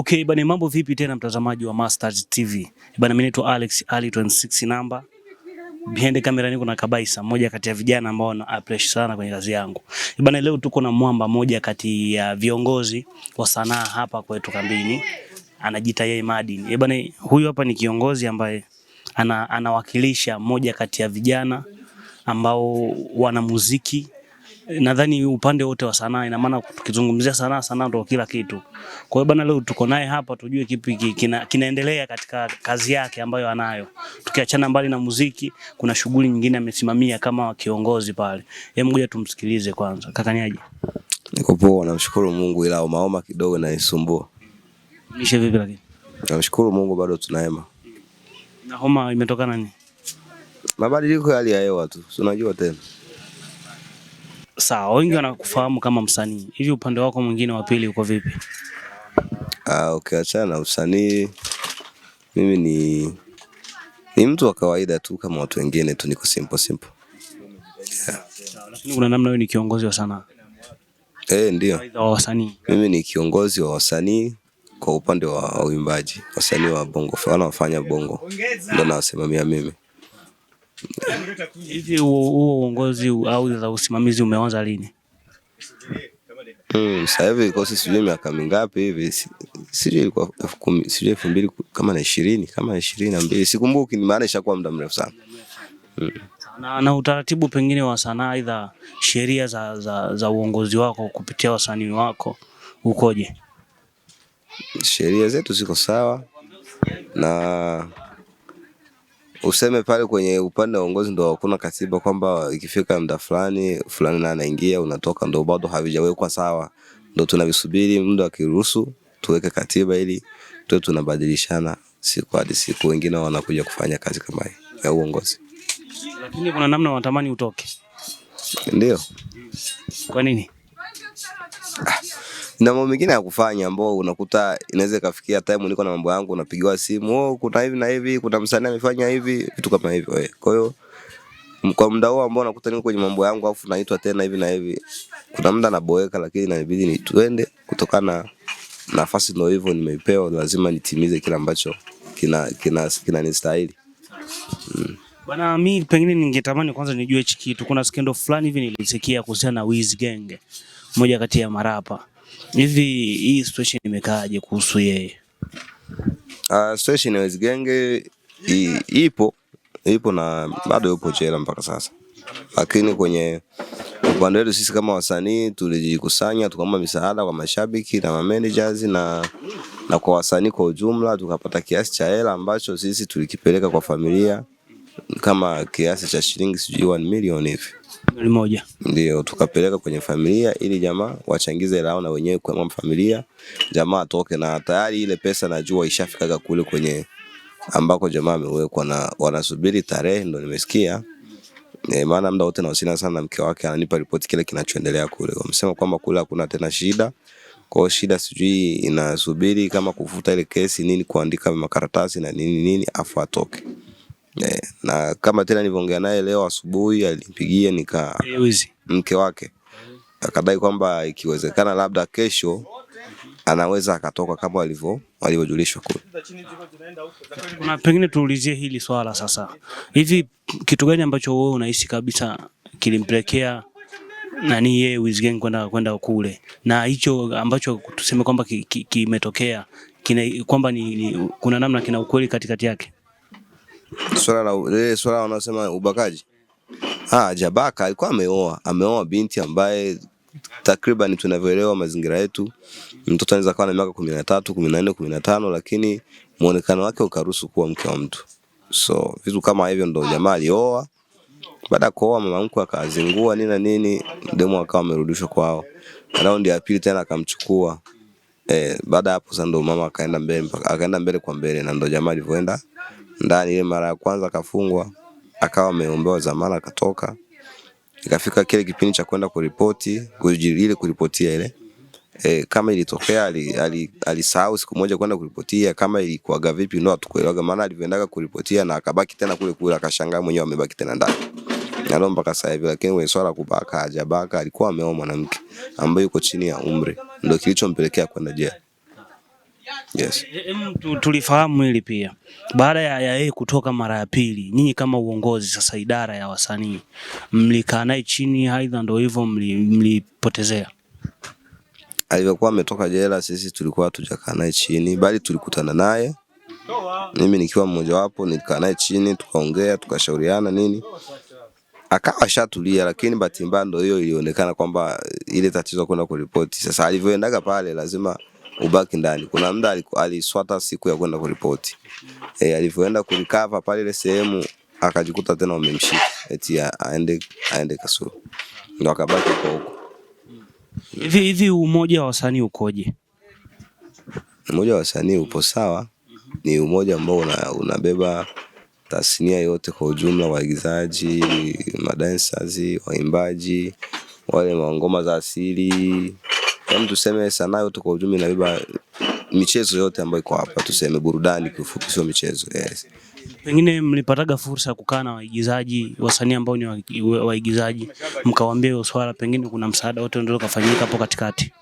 Okay, bana mambo vipi tena mtazamaji wa Mastaz TV. Bana mimi naitwa Alex Ali 26 namba. Behind kamera niko na Kabaisa, mmoja kati ya vijana ambao na appreciate sana kwenye kazi yangu. Bana leo tuko na mwamba mmoja kati ya viongozi wa sanaa hapa kwetu kambini. Anajiita yeye Madini. Bana huyu hapa ni kiongozi ambaye ana, anawakilisha mmoja kati ya vijana ambao wana muziki nadhani upande wote wa sanaa, ina maana tukizungumzia sanaa, sanaa ndio kila kitu. Kwa hiyo bana, leo tuko naye hapa tujue kipi kina, kinaendelea katika kazi yake ambayo anayo. Tukiachana mbali na muziki, kuna shughuli nyingine amesimamia kama kiongozi pale. Hebu ngoja tumsikilize kwanza. Kakanyaje? Niko poa, namshukuru Mungu, ila maoma kidogo naisumbua. Nishe vipi lakini? Namshukuru Mungu bado tunahema. Na homa imetokana nini? Mabadiliko ya hali ya hewa tu, unajua tena sawa, wengi wanakufahamu kama msanii. Hivi upande wako mwingine wa pili uko vipi? Ah, ukiachana okay, na usanii mimi ni ni mtu wa kawaida tu kama watu wengine tu, niko simple simple. Lakini kuna namna wewe ni kiongozi wa sanaa. Eh, ndio. Wa wasanii. Mimi ni kiongozi wa wasanii kwa upande wa uimbaji, wasanii wa bongo, wanaofanya bongo ndio nawasimamia mimi. Hivi huo uongozi au za usimamizi umeanza lini? Mm, sasa hivi kosi sijui miaka mingapi hivi, sijui ilikuwa elfu kumi sijui elfu mbili kama na ishirini kama na ishirini na mbili sikumbuki, maana ishakuwa muda mrefu sana hmm. Na, na utaratibu pengine wa sanaa aidha sheria za, za, za uongozi wako kupitia wasanii wako ukoje? Sheria zetu ziko sawa na useme pale kwenye upande wa uongozi ndo hakuna katiba kwamba ikifika muda fulani fulani na anaingia unatoka, ndo bado havijawekwa sawa, ndo tunavisubiri muda akiruhusu tuweke katiba ili tuwe tunabadilishana siku hadi siku, wengine wanakuja kufanya kazi kama hii ya uongozi. Lakini kuna namna wanatamani utoke, ndio kwa nini? Ah na mambo mengine ya kufanya ambao unakuta inaweza ikafikia time niko na mambo yangu, unapigiwa simu, oh, kuna hivi na hivi, kuna msanii amefanya hivi, vitu kama hivyo eh. Kwa hiyo kwa muda huo ambao nakuta niko kwenye mambo yangu afu naitwa tena hivi na hivi, kuna muda naboeka, lakini inabidi nituende kutokana na nafasi ndio hivyo nimeipewa, lazima nitimize kile ambacho kina kina kina kinanistahili. Mm. Bwana, mi pengine ningetamani kwanza nijue hichi kitu. Kuna skendo fulani hivi nilisikia kuhusiana na Wiz Gang, mmoja kati ya marapa Hivi hii situation imekaaje kuhusu yeye? Uh, situation ya Wezigenge ipo ipo na bado yupo chela mpaka sasa, lakini kwenye upande wetu sisi kama wasanii tulijikusanya tukaomba misaada kwa mashabiki na managers na, na kwa wasanii kwa ujumla, tukapata kiasi cha hela ambacho sisi tulikipeleka kwa familia kama kiasi cha shilingi sijui 1 million hivi milioni moja ndio tukapeleka kwenye familia ili jamaa wachangize lao na wenyewe kwa familia, jamaa atoke na tayari ile pesa najua ishafikaga kule kwenye ambako jamaa amewekwa na wanasubiri tarehe, ndo nimesikia e, maana muda wote nawasiliana sana na mke wake, ananipa ripoti kile kinachoendelea kule. Wamesema kwamba kule hakuna tena shida kwa shida sijui inasubiri kama kufuta ile kesi nini, kuandika makaratasi na nini nini, afu atoke. Yeah. Na kama tena nilivyoongea naye leo asubuhi alinipigia nika mke wake akadai kwamba ikiwezekana labda kesho anaweza akatoka kama walivyo walivyojulishwa kule. Kuna pengine tuulizie hili swala sasa. Hivi kitu gani ambacho wewe unahisi kabisa kilimpelekea nani yeye Wiz kwenda kwenda kule na hicho ambacho tuseme kwamba kimetokea ki, ki kwamba ni, ni, kuna namna kina ukweli katikati yake? Swala la ile eh, swala wanasema ubakaji. Ah, Jabaka alikuwa ameoa, ameoa binti ambaye takriban tunavyoelewa mazingira yetu, mtoto anaweza kuwa na miaka 13, 14, 15 lakini muonekano wake ukaruhusu kuwa mke wa mtu. So vitu kama hivyo ndio jamaa alioa. Baada kuoa mama mkwe akazingua nini na nini, demo akawa amerudishwa kwao. ndio ya pili tena akamchukua. Eh, baada hapo sasa ndio mama akaenda mbele akaenda mbele kwa mbele na ndio jamaa alivyoenda ndani. Ile mara ya kwanza akafungwa, akawa ameombewa dhamana, akatoka. Ikafika kile kipindi cha kwenda kuripoti ile kuripotia ile e, kama ilitokea alisahau ali, ali siku moja kwenda kuripotia, kama ilikuwaga vipi ndo atukuelewaga, maana alivyoendaga kuripotia na akabaki tena kule kule, akashangaa mwenyewe amebaki tena ndani na leo mpaka sasa hivi. Lakini kwenye swala kubaka hajabaka, alikuwa ameoa mwanamke ambaye yuko chini ya umri, ndio kilichompelekea kwenda jela. Yes. E, tulifahamu hili pia baada ya yeye kutoka mara ya pili, nyinyi kama uongozi sasa, idara ya wasanii, mlikaa naye chini, aidha ndio hivyo mlipotezea? Alivyokuwa ametoka jela, sisi tulikuwa hatujakaa naye chini, bali tulikutana naye, mimi nikiwa mmojawapo, nilikaa naye chini, tukaongea, tukashauriana nini, akawa shatulia, lakini bahati mbaya ndio hiyo ilionekana kwamba ile tatizo kwenda kuripoti. Sasa alivyoendaga pale lazima ubaki ndani. Kuna muda aliswata siku ya kwenda kuripoti e, alivyoenda kulikava pale ile sehemu akajikuta tena wamemshika eti aende aende Kasulu, ndo akabaki kwa huko. Hivi hivi, umoja wa wasanii ukoje? Umoja wa wasanii upo sawa, ni umoja ambao una, unabeba tasnia yote kwa ujumla, waigizaji, madancers, waimbaji, wale ngoma za asili kama tuseme sanaa yote kwa ujumla inabeba michezo yote ambayo iko hapa, tuseme burudani kiufupi, sio michezo yes. Pengine mlipataga fursa ya kukaa na waigizaji, wasanii ambao ni waigizaji, mkawaambia hiyo swala, pengine kuna msaada wote ndio kafanyika hapo katikati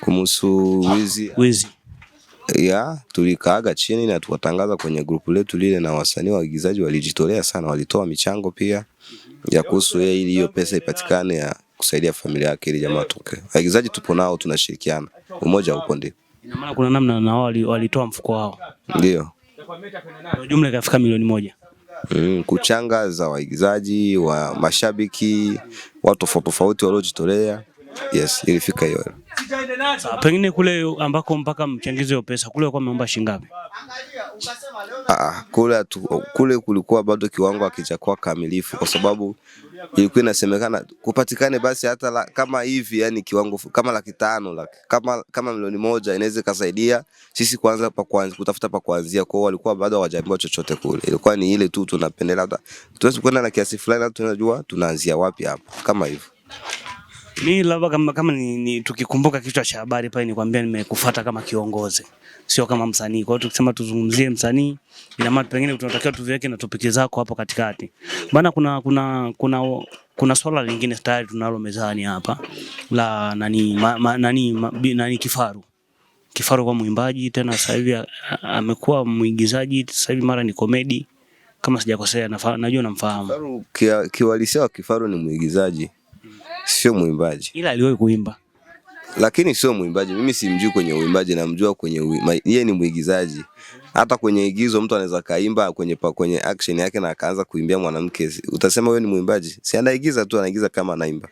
kumuhusu wizi wizi ya tulikaaga chini na tukatangaza kwenye grupu letu lile, na wasanii waigizaji walijitolea sana, walitoa michango pia ya kuhusu hiyo ili hiyo pesa ipatikane ya kusaidia familia yake ili jamaa tuke. Waigizaji tupo nao, tunashirikiana, umoja upo. Ndio ina maana kuna namna na wao walitoa mfuko wao, ndio kwa jumla ikafika milioni moja. Mm, kuchanga za waigizaji wa mashabiki, watu tofauti tofauti waliojitolea Yes, ilifika hiyo. Ah, pengine kule ambako mpaka mchangizi wa pesa kule kwa ameomba shilingi ngapi? Ah, ah kule tu, kule kulikuwa bado kiwango hakijakuwa kamilifu kwa sababu ilikuwa inasemekana kupatikane basi hata la, kama hivi yani kiwango kama laki tano laki, kama, kama milioni moja inaweza kusaidia sisi kwanza pa kwanza kutafuta pa kuanzia kwao, walikuwa bado hawajaambiwa chochote kule, ilikuwa ni ile tu tunapendelea, hata tuwezi kwenda na kiasi fulani, tunajua tunaanzia wapi hapo kama hivyo. Mi labda kama, kama ni, ni, tukikumbuka kichwa cha habari pale nikwambia nimekufuata kama kiongozi, sio kama msanii. Kwa hiyo tukisema tuzungumzie msanii, ina maana pengine tunatakiwa tuviweke na topiki zako hapo katikati. Maana kuna kuna kuna kuna swala lingine tayari tunalo mezani hapa la nani ma, ma, nani, ma, bi, nani Kifaru. Kifaru kwa mwimbaji tena sasa hivi amekuwa mwigizaji, sasa hivi mara ni komedi kama sijakosea, najua namfahamu. Kiuhalisia wa Kifaru ni mwigizaji Sio mwimbaji. Ila aliwahi kuimba. Lakini sio mwimbaji. Mimi simjui kwenye uimbaji, namjua kwenye yeye ni mwigizaji. Hata kwenye igizo mtu anaweza kaimba kwenye pa kwenye action yake na akaanza kuimbia mwanamke. Utasema wewe ni mwimbaji? Si anaigiza tu, anaigiza kama anaimba.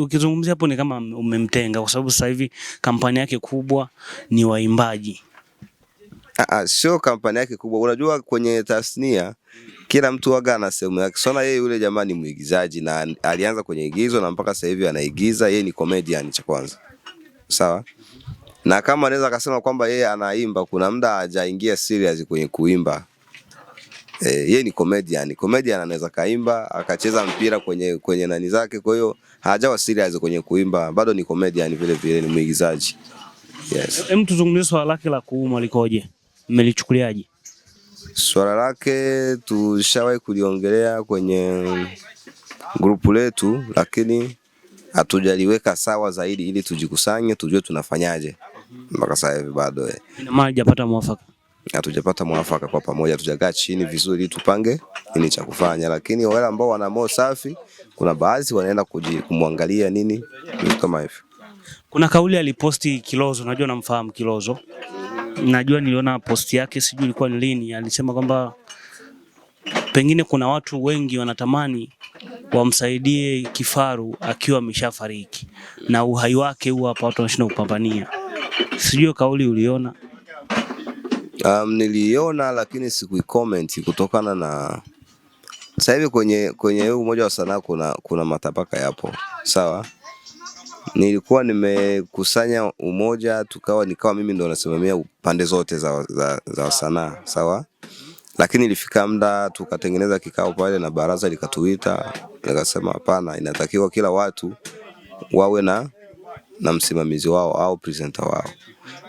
Ukizungumzia hapo ni kama umemtenga kwa sababu sasa hivi kampani yake kubwa ni waimbaji. Ah, ah sio kampani yake kubwa. Unajua kwenye tasnia kila mtu waga ana sehemu yake. Sona yeye yule jamaa ni mwigizaji na alianza kwenye igizo na mpaka sasa hivi anaigiza. Yeye ni comedian cha kwanza, sawa. Na kama anaweza akasema kwamba yeye anaimba, kuna muda hajaingia serious kwenye kuimba e, yeye ni comedian. Comedian anaweza kaimba akacheza mpira kwenye kwenye nani zake, kwa hiyo hajawa serious kwenye kuimba, bado ni comedian vile vile, ni mwigizaji. Yes. Hem, tuzungumzie swala lake la kuumwa likoje, mmelichukuliaje? Swala lake tushawahi kuliongelea kwenye grupu letu, lakini hatujaliweka sawa zaidi ili tujikusanye tujue tunafanyaje. Mpaka sasa hivi bado eh. hajapata mwafaka, hatujapata mwafaka kwa pamoja, tujakaa chini vizuri tupange nini cha kufanya, lakini wale ambao wana moyo safi, kuna baadhi wanaenda kumwangalia nini kama hivyo. Kuna kauli aliposti Kilozo, najua namfahamu Kilozo najua niliona posti yake, sijui ilikuwa ni lini, alisema kwamba pengine kuna watu wengi wanatamani wamsaidie kifaru akiwa ameshafariki na uhai wake huu hapa watu wanashinda kupambania. Sijui kauli uliona? Um, niliona lakini sikuicomment kutokana na sasa hivi kwenye kwenye umoja wa sanaa kuna, kuna matabaka yapo sawa nilikuwa nimekusanya umoja tukawa nikawa mimi ndo nasimamia pande zote za, za, za sanaa sawa, lakini ilifika muda tukatengeneza kikao pale na baraza likatuita, nikasema hapana, inatakiwa kila watu wawe na na msimamizi wao au presenter wao.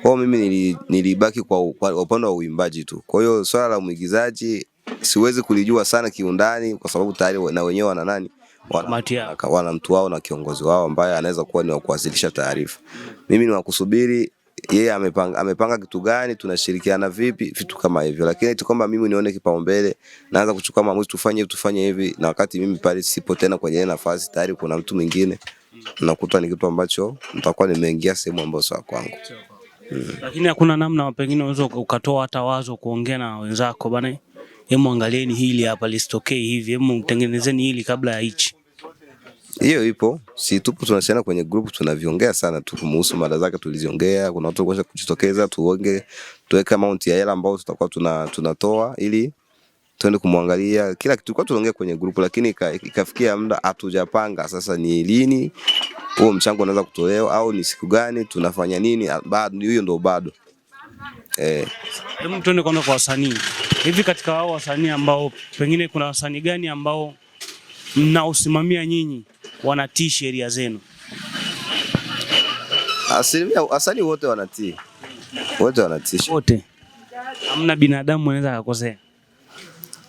Kwa mimi nilibaki kwa upande wa uimbaji tu. Kwa hiyo swala la mwigizaji siwezi kulijua sana kiundani, kwa sababu tayari na wenyewe wana nani wana, wana mtu wao na kiongozi wao ambaye anaweza kuwa ni wa kuwasilisha taarifa. Mimi ni wakusubiri yeye amepanga, amepanga kitu gani, tunashirikiana vipi, vitu kama hivyo, lakini tu kwamba mimi nione kipaumbele, naanza kuchukua maamuzi, tufanye tufanye hivi, na wakati mimi pale sipo tena kwenye nafasi, tayari kuna mtu mwingine, nakuta ni kitu ambacho nitakuwa nimeingia sehemu ambayo sawa kwangu. Hmm. Lakini hakuna namna, pengine unaweza ukatoa hata wazo kuongea na wenzako bana hemu angalieni hili hapa lisitokee hivi, hemu mtengenezeni hili kabla ya hichi. Hiyo ipo, si tupo tunashana kwenye group, tunaviongea sana tu kuhusu mada zake tuliziongea. Kuna watu kwa kujitokeza, tuonge tuweke amount ya hela ambayo tutakuwa tuna, tunatoa ili tuende kumwangalia kila kitu. Kwa tunaongea kwenye group, lakini ikafikia muda hatujapanga sasa ni lini huo mchango unaweza kutolewa au ni siku gani tunafanya nini, bado hiyo ndio bado Eh. Hebu tuende kwanza kwa wasanii hivi, katika hao wasanii ambao pengine kuna wasanii gani ambao mnaosimamia nyinyi wanatii sheria zenu? Asilimia wasanii wote wanatii, wote wanatii, wote hamna binadamu anaweza akakosea.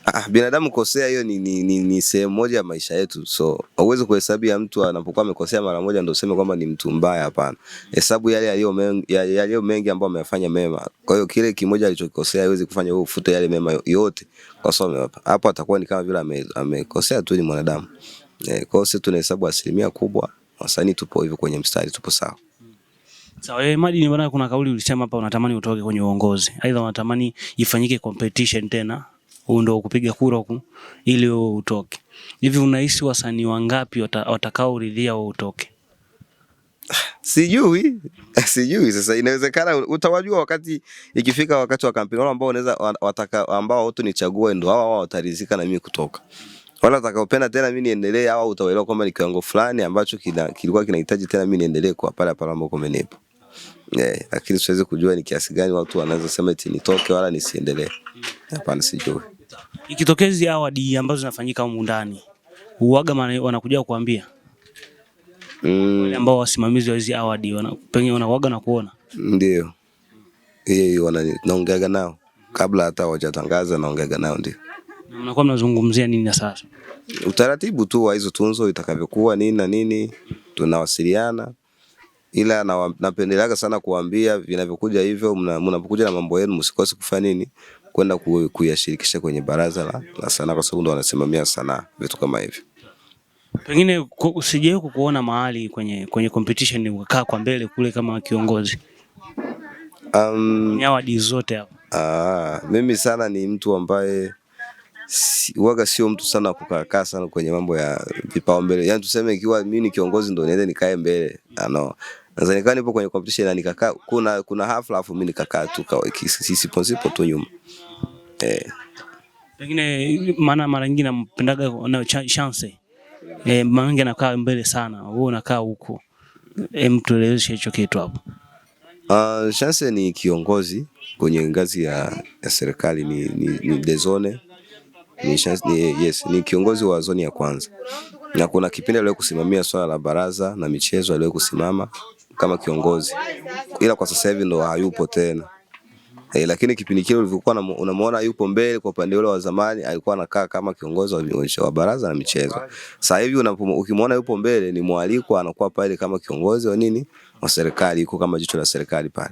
Ah, ah, binadamu kosea hiyo ni, ni, ni, ni sehemu moja ya maisha yetu, so hauwezi kuhesabia mtu anapokuwa amekosea mara moja ndio useme kwamba ni mtu mbaya. Hapana, hesabu yale yaliyo mengi, yaliyo mengi ambayo ameyafanya mema. Kwa hiyo kile kimoja alichokosea haiwezi kufanya wewe ufute yale mema yote, kwa sababu hapo atakuwa ni kama vile ame, amekosea tu, ni mwanadamu eh. Kwa hiyo sisi tunahesabu asilimia kubwa, wasanii tupo hivyo, kwenye mstari tupo sawa. Sawa, so, eh, Madi, ni bwana, kuna kauli ulisema hapa unatamani utoke kwenye uongozi, aidha unatamani ifanyike competition tena huu ndio kupiga kura huku ili wewe utoke. Hivi unahisi wasanii wangapi watakaoridhia wewe utoke? Sijui, sijui. Sasa inawezekana utawajua wakati ikifika wakati wa kampeni, wale ambao wanaweza wataka ambao watu nichague ndo hao hao watarizika na mimi kutoka, wala watakaopenda tena mimi niendelee, au utaelewa kwamba ni kiwango fulani ambacho kina, kilikuwa kinahitaji tena mimi niendelee kwa pale pale ambapo umenipa. Eh, lakini siwezi kujua ni kiasi gani watu wanaweza sema eti nitoke wala nisiendelee. Hapana, sijui. Ikitokezi hawa di ambazo zinafanyika huko ndani uwaga wanakuja kukuambia mm. wale ambao wasimamizi wa hizi awadi pengine wanawaga na kuona ndio hiyo wanaongeaga nao kabla hata hawajatangaza, naongeaga nao ndio. Na Mnakuwa mnazungumzia nini na sasa? Utaratibu tu wa hizo tunzo itakavyokuwa nini na nini, tunawasiliana ila na, napendeleaga sana kuambia vinavyokuja hivyo, mnapokuja na mambo yenu msikose kufanya nini, kwenda kuyashirikisha kwenye baraza la, la sanaa, kwa sababu ndo wanasimamia sanaa, vitu kama hivyo. Pengine usijai kukuona mahali kwenye kwenye competition ukakaa kwa mbele kule kama kiongozi um, nyawadi zote hapo. Ah, mimi sana ni mtu ambaye si, waga sio mtu sana wa kukaa sana kwenye mambo ya vipao mbele, yaani tuseme ikiwa mimi ni kiongozi ndo niende nikae mbele ano ah, Nadhani nikawa nipo kwenye competition na nikakaa kuna kuna hafla afu mimi nikakaa tu kwa sisi ponsipo tu nyuma. Eh. Pengine maana mara nyingi nampendaga na chance. Eh, Mange anakaa mbele sana, wewe unakaa huko. Eh, mtueleweshe hicho kitu hapo. Ah, Uh, Chance ni kiongozi kwenye ngazi ya, ya serikali ni, ni, ni the zone ni, Chance, ni, yes, ni kiongozi wa zoni ya kwanza, na kuna kipindi aliwahi kusimamia swala la baraza na michezo, aliwahi kusimama kama kiongozi, ila kwa sasa hivi ndo hayupo tena. E, lakini kipindi kile ulivyokuwa unamwona yupo mbele kwa upande ule wa zamani, alikuwa anakaa kama kiongozi wa baraza la michezo. Sasa hivi ukimwona yupo mbele ni mwaliko, anakuwa pale kama kiongozi wa nini wa serikali, yuko kama jicho la serikali pale.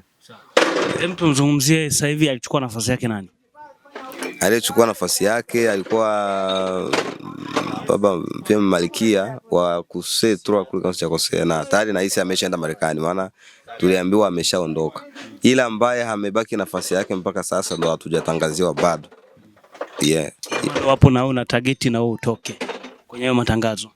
Hem, tumzungumzie sasa hivi, alichukua nafasi yake nani? Aliyechukua nafasi yake alikuwa baba pia malkia wa trois kule kama sijakosea, na tayari nahisi ameshaenda Marekani, maana tuliambiwa ameshaondoka, ila ambaye amebaki nafasi yake mpaka sasa ndo hatujatangaziwa bado. Yeah. Wapo na una target na wewe utoke kwenye matangazo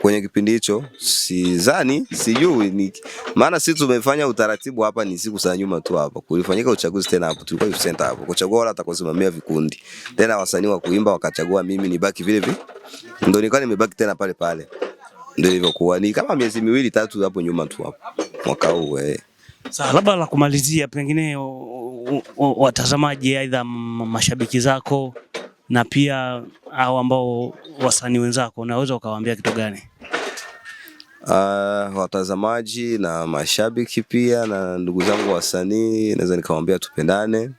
kwenye kipindi hicho sidhani, sijui ni maana sisi tumefanya utaratibu hapa, ni siku za nyuma tu hapa kulifanyika uchaguzi tena hapo, tulikuwa youth center hapo kuchagua wala atakosimamia vikundi tena wasanii wa kuimba, wakachagua mimi nibaki vile vile, ndio nilikuwa nimebaki tena pale pale, ndio ilivyokuwa ni kama miezi miwili tatu hapo nyuma tu hapo mwaka huu eh. Sasa labda la kumalizia, pengine watazamaji, aidha mashabiki zako na pia hao ambao wasanii wenzako unaweza ukawaambia kitu gani? Uh, watazamaji na mashabiki pia na ndugu zangu wasanii, naweza nikawaambia tupendane,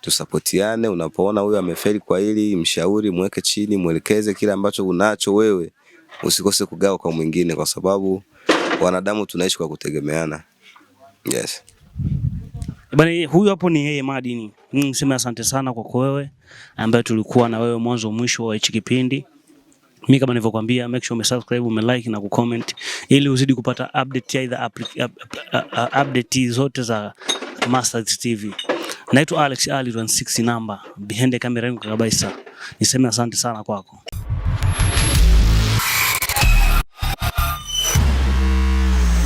tusapotiane. Unapoona huyo amefeli kwa hili, mshauri, mweke chini, mwelekeze kile ambacho unacho wewe, usikose kugawa kwa mwingine, kwa sababu wanadamu tunaishi kwa kutegemeana. Yes. Bani, eh, huyu hapo ni yeye Madini. Niseme mm, asante sana kwako wewe ambaye tulikuwa na wewe mwanzo mwisho wa hichi kipindi. Mimi kama nilivyokuambia, make sure umesubscribe, umelike na kucomment ili uzidi kupata update up, uh, uh, uh, update zote za Mastaz TV. Naitwa Alex Ali 16 number behind the camera yangu kabisa. Niseme asante sana kwako.